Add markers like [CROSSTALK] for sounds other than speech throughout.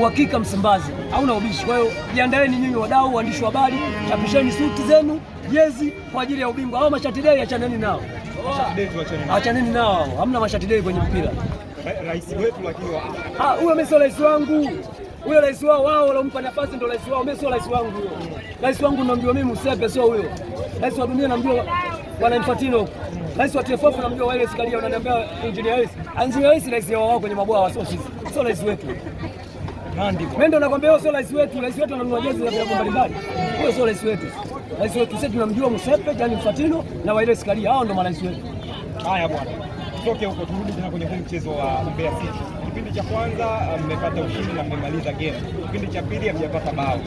uhakika Msimbazi na ubishi. Kwa hiyo jiandaeni nyinyi wadau, waandishi wa habari, chapisheni suti zenu, jezi kwa ajili ya ubingwa. Hao mashati dei achaneni nao, achaneni nao, hamna mashati dei kwenye mpira. Rais wetu lakini huyo mimi sio rais wangu huyo rais wao wao walompa nafasi ndio rais wao. Mimi sio rais wangu huyo. Rais wangu namjua mimi Musepe, sio huyo. Rais wa dunia namjua Bwana Infantino. Rais wa TFF namjua wale sikalia, unaniambia engineer rais. Anzi rais rais wao kwenye mabwawa, sio sisi, sio rais wetu. Mendo nakwambia sio rais wetu. Rais wetu ananunua jezi za vilabu mbalimbali, huyo sio rais wetu. Rais wetu sisi tunamjua Musepe, yani Infantino na wale askari hao ndo marais wetu. Haya bwana, tutoke huko, turudi tena kwenye huu mchezo wa Mbeya City. Kipindi cha kwanza uh, mmepata ushindi na mmemaliza game, kipindi cha pili hamjapata bao.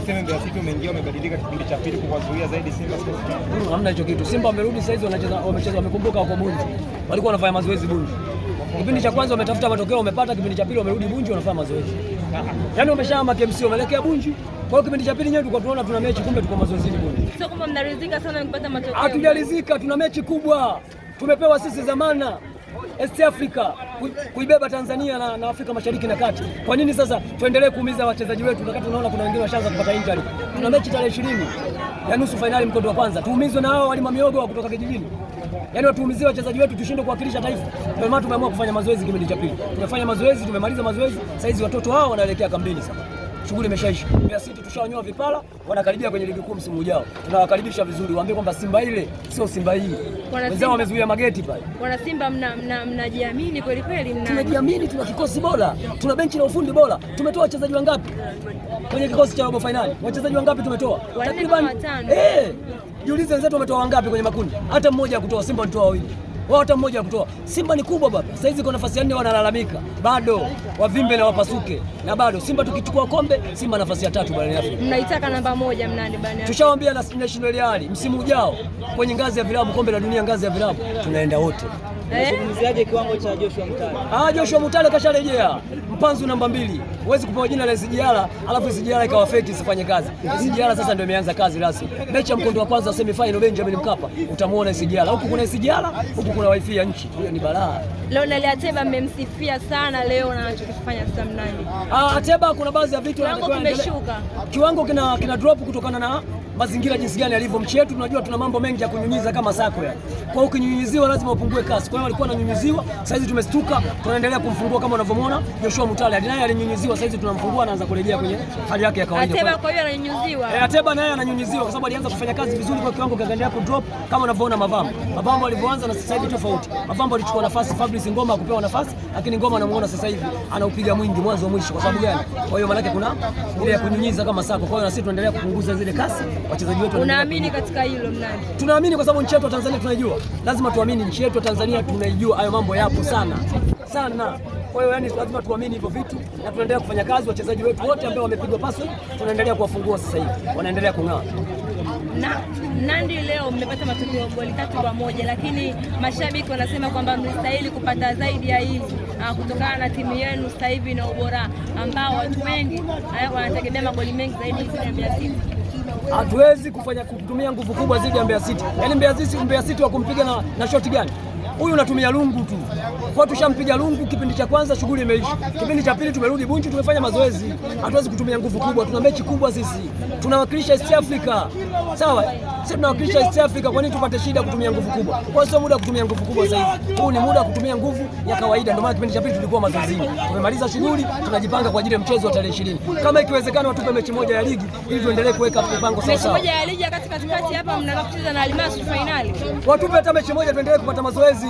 Tuseme Mbeya City umeingia umebadilika kipindi cha pili kuwazuia zaidi Simba Sports Hamna hicho kitu. Simba wamerudi sasa hizi wanacheza, wamecheza, wamekumbuka wako Bunju, walikuwa wanafanya mazoezi Bunju Kipindi cha kwanza umetafuta matokeo umepata, kipindi cha pili wamerudi Bunju unafanya mazoezi, yaani umeshahama KMC wameelekea Bunju. Kwa hiyo kipindi cha pili nyewe tulikuwa tunaona tuna mechi, kumbe tuko mazoezini Bunju. Sio kwamba mnaridhika sana mkipata matokeo? Hatujaridhika, tuna mechi kubwa tumepewa sisi zamana East Africa kuibeba Tanzania na, na Afrika Mashariki na Kati. Kwa nini sasa tuendelee kuumiza wachezaji wetu wakati tunaona kuna wengine washaanza kupata injury? Tuna mechi tarehe ishirini ya nusu fainali mkondo wa kwanza, tuumizwe na hao walima miogo wa kutoka kijijini. Yaani watuumizie wachezaji wetu tushinde kuwakilisha taifa. Ndio maana tumeamua kufanya mazoezi kipindi cha pili. Tumefanya mazoezi, tumemaliza mazoezi, saizi watoto hao wanaelekea kambini sasa shughuli imeshaisha. Mbeya City tushawanyoa vipala, wanakaribia kwenye ligi kuu msimu ujao. Tunawakaribisha vizuri, waambie kwamba Simba ile sio Simba hii. Wenzao wamezuia mageti pale. Wana Simba mnajiamini kweli kweli mna. Tunajiamini, tuna kikosi bora, tuna benchi la ufundi bora. Tumetoa wachezaji wangapi kwenye kikosi cha robo finali? Wachezaji wangapi tumetoa? Takriban eh, jiulize wenzetu wametoa wangapi kwenye makundi? Hata mmoja ya kutoa Simba walitoa wawili wao hata mmoja kutoa. Simba ni kubwa baba, sasa hizi kwa nafasi ya nne wanalalamika bado wavimbe na wapasuke, na bado Simba tukichukua kombe, Simba nafasi ya tatu barani Afrika. Mnaitaka namba moja mnani barani? Tushawaambia na National Real msimu ujao kwenye ngazi ya vilabu, kombe la dunia ngazi ya vilabu, tunaenda wote. Eh? Unazungumziaje kiwango cha Joshua Mutale? Ah, Joshua Mutale kasharejea mpanzu namba mbili, huwezi kupewa jina la SJR alafu SJR ikawa feki isifanye kazi. SJR sasa ndio imeanza kazi rasmi. Mechi ya mkondo wa kwanza semi final Benjamin Mkapa utamuona SJR. Huku kuna SJR, huku kuna wifi ya nchi. Hiyo ni balaa. Leonel Ateba mmemsifia sana leo na anachokifanya sasa mnani. Ah, Ateba kuna baadhi ya vitu kiwango kimeshuka. Kiwango kina kina drop kutokana na mazingira jinsi gani yalivyo mchi yetu. Tunajua tuna mambo mengi ya kunyunyiza kama sako ya kwa ukinyunyiziwa lazima upungue kasi. Kwa hiyo walikuwa wananyunyiziwa, sasa hizi tumestuka, tunaendelea kumfungua kama unavyomwona Joshua Mutale naye alinyunyiziwa, sasa hizi tunamfungua, anaanza kurejea kwenye hali yake ya kawaida. Ateba kwa hiyo ananyunyiziwa. Eh, Ateba naye ananyunyiziwa kwa sababu alianza kufanya kazi vizuri kwa kiwango kikaendelea ku drop kama unavyoona Mavambo. Mavambo alivyoanza na sasa hivi tofauti. Mavambo alichukua nafasi Fabrice Ngoma akupewa nafasi, lakini Ngoma anamuona sasa hivi anaupiga mwingi mwanzo mwisho kwa sababu gani? Kwa hiyo maana yake kuna ile ya kunyunyiza kama sako. Kwa hiyo na sisi tunaendelea kupunguza zile kasi wachezaji wetu. Unaamini katika hilo mnani? Tunaamini kwa sababu nchi yetu ya Tanzania tunaijua. Lazima tuamini nchi yetu ya Tanzania tunaijua, hayo mambo yapo sana sana kwa hiyo yani lazima tuamini hivyo vitu na tunaendelea kufanya kazi. Wachezaji wetu wote ambao wamepigwa pasi tunaendelea kuwafungua sasa hivi, wanaendelea kung'aa. Na Nandi, leo mmepata matokeo goli tatu kwa moja, lakini mashabiki wanasema kwamba mlistahili kupata zaidi ya hizi ah, kutokana na timu yenu sasa hivi na ubora ambao watu wengi eh, wanategemea magoli mengi zaidi ya Mbeya City. Hatuwezi kufanya kutumia nguvu kubwa zaidi ya Mbeya City. Yaani Mbeya City, Mbeya City wa kumpiga na, na shoti gani? huyu unatumia lungu tu. Kwa tushampiga lungu kipindi cha kwanza, shughuli imeisha. Kipindi cha pili tumerudi Bunju, tumefanya mazoezi. Hatuwezi kutumia nguvu kubwa, tuna mechi kubwa sisi, tunawakilisha East Africa, sawa sisi tunawakilisha East Africa, kwa nini tupate shida kutumia nguvu kubwa? Kwa sio muda wa kutumia nguvu kubwa sasa hivi. Huu ni muda wa kutumia nguvu ya kawaida. Ndio maana kipindi cha pili tulikuwa mazoezini. Tumemaliza shughuli, tunajipanga kwa ajili ya mchezo wa tarehe 20. Kama ikiwezekana watupe mechi moja ya ligi ili tuendelee kuweka mipango sawa sawa. Mechi moja ya ligi kati katikati hapa mnaanza kucheza na Almasi finali. Watupe hata mechi moja tuendelee kupata mazoezi.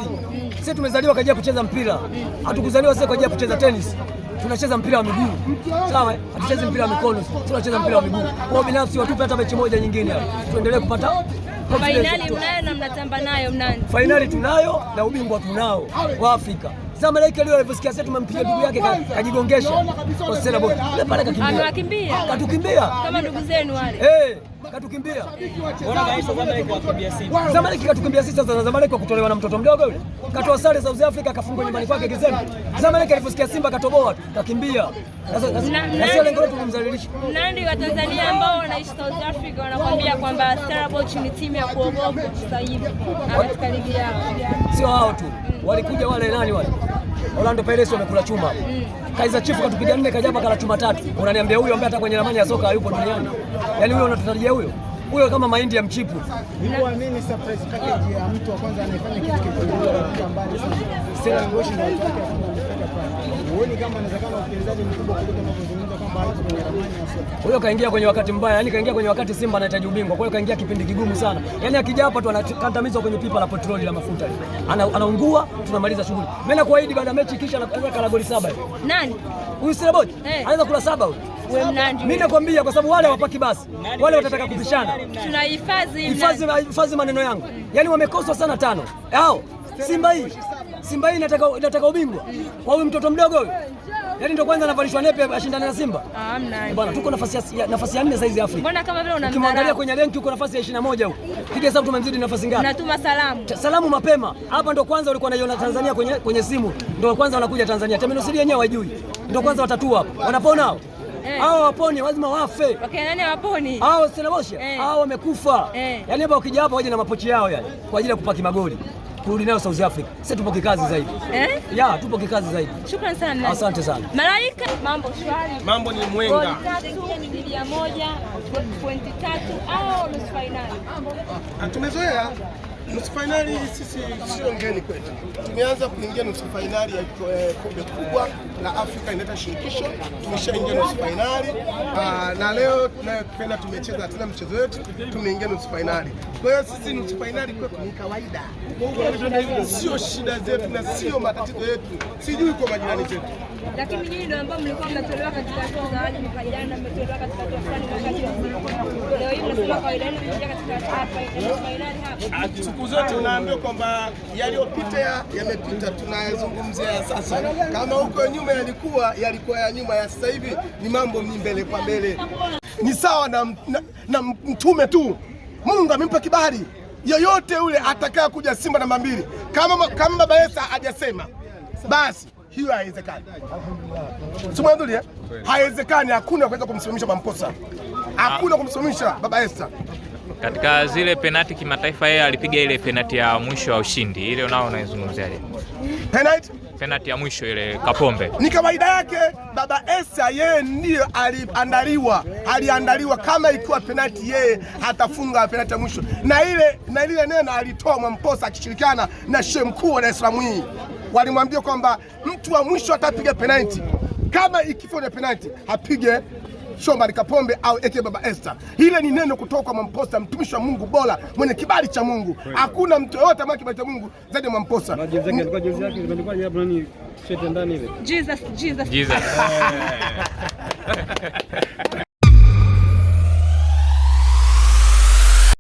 Sisi tumezaliwa kwa ajili ya kucheza mpira. Hatukuzaliwa sasa kwa ajili ya kucheza tennis tunacheza mpira wa miguu sawa, hatuchezi mpira wa mikono, tunacheza mpira wa miguu. Kwa binafsi watupe hata mechi moja nyingine, tuendelee kupata fainali. Mnayo na mnatamba nayo, mnani fainali tunayo na ubingwa tunao wa Afrika za malaika leo alivyosikia sasa tumempiga ndugu yake kajigongesha. Osela boy. Yule pale kakimbia. Anakimbia. Ah, katukimbia. Kama ndugu zenu wale. Eh, katukimbia. Bora kaisha Zamalek wakimbia sisi. Zamalek katukimbia sisi sasa Zamalek kutolewa na mtoto mdogo yule. Katoa sare South Africa akafungwa nyumbani kwake Gizeni. Zamalek alivyosikia Simba katoboa, kakimbia. Sasa sasa lengo letu kumzalilisha. Nandi wa Tanzania ambao wanaishi South Africa wanakuambia kwamba Stellenbosch ni timu ya kuogopa sasa hivi. Katika ligi yao. Sio hao tu. Walikuja wale nani wale? Orlando Perez wamekula chuma. Mm. Kaizer Chiefs katupiga nne kajapa kala chuma tatu. Unaniambia huyo ambaye hata kwenye ramani ya soka hayupo duniani. Yaani huyo unatutarajia huyo? Huyo kama mahindi ya mchipu. Nikuamini surprise package ya mtu wa kwanza anayefanya kitu kikubwa mbali sana. Sasa ngoshi na atakaye kufanya. Uone kama anaweza kama mchezaji mkubwa kuliko huyo kaingia kwenye wakati mbaya, yani kaingia kwenye wakati Simba anahitaji ubingwa. Kwa hiyo kaingia kipindi kigumu sana, yani akija hapa tu anakandamizwa kwenye pipa la petroli la mafuta, anaungua, tunamaliza shughuli. Mimi nakuahidi baada ya mechi kisha anaweka kala goli saba. Nani huyu? Siraboti eh. anaweza kula saba huyu. Mimi nakwambia kwa sababu wale hawapaki basi, wale watataka kupishana. Tunahifadhi hifadhi maneno yangu, yani wamekoswa sana tano hao. Simba hii, Simba hii inataka inataka ubingwa kwa huyu mtoto mdogo huyu. Yaani ndio kwanza anavalishwa nepe ashindane na Simba. Ah, hamna. Bwana tuko nafasi ya nafasi ya 4 sasa hizi Afrika. Mbona kama vile unamdharau? Ukimwangalia kwenye rank uko nafasi ya 21 huko. Piga hesabu tumemzidi nafasi ngapi? Natuma salamu. Salamu mapema. Hapa ndio kwanza walikuwa wanaiona Tanzania kwenye kwenye simu. Ndio kwanza wanakuja Tanzania. Terminology yenyewe hawajui. Ndio kwanza watatua hapo. Wanapona hao. Eh. Hao hey. waponi lazima wafe. Okay, nani waponi? Hao sina Stellenbosch. Eh. Hao wamekufa. Eh. Yaani hapa ukija hapa waje na mapochi yao yale kwa ajili ya kupaki magoli kurudi nayo South Africa. Sisi tupo kikazi zaidi eh? Ya, tupo kikazi zaidi. Shukrani sana. Asante sana. Malaika, mambo shwari. Mambo ni mwenga. Moja, pointi tatu au nusu finali. Ah, tumezoea. Nusu fainali sisi sio ngeni kwetu, tumeanza kuingia nusu fainali ya eh, kombe kubwa la Afrika inaleta shirikisho, tumeshaingia nusu fainali ah, na leo tunapenda, tumecheza tena mchezo wetu, tumeingia nusu fainali. Kwa hiyo sisi nusu fainali kwetu ni kawaida, sio shida zetu na sio matatizo yetu, sijui kwa majirani zetu lakini nyinyi ndio ambao mlikuwa mnatolewa katika hatua za awali mwaka jana, mmetolewa katika hatua fulani mwaka leo hii mnasema kawaida yenu katika fainali hapa. Ah, siku zote unaambiwa kwamba yaliyopita yamepita, tunayazungumzia sasa. Kama huko nyuma yalikuwa yalikuwa ya nyuma ya sasa hivi, ni mambo ni mbele kwa mbele, ni sawa na, na, na mtume tu. Mungu amempa kibali yoyote yule atakaye kuja Simba namba mbili, kama kama baba Esa hajasema basi hiyo haiwezekani, simwandulie, haiwezekani. Hakuna kuweza kumsimamisha Mamposa, hakuna kumsimamisha baba Esther. katika zile penati kimataifa. Yeye alipiga ile penati ya mwisho ya ushindi ile, unao unaizungumziaje? penati penati ya mwisho ile Kapombe ni kawaida yake. Baba Esa yeye ndiyo aliandaliwa, aliandaliwa kama ikiwa penati, yeye hatafunga penati ya mwisho, na ile na lile neno alitoa Mwamposa akishirikiana na shehe mkuu wa Dar es Salaam hii walimwambia kwamba mtu wa mwisho atapiga penalti, kama ikifa na penalti apige Shomari Kapombe au eke Baba Esther. Hile ni neno kutoka kwa Mwamposa, mtumishi wa Mungu bora mwenye kibali cha Mungu. Hakuna mtu yoyote ambaye kibali cha Mungu zaidi ya Mwamposa. Jesus, Jesus. Jesus. [LAUGHS] [LAUGHS]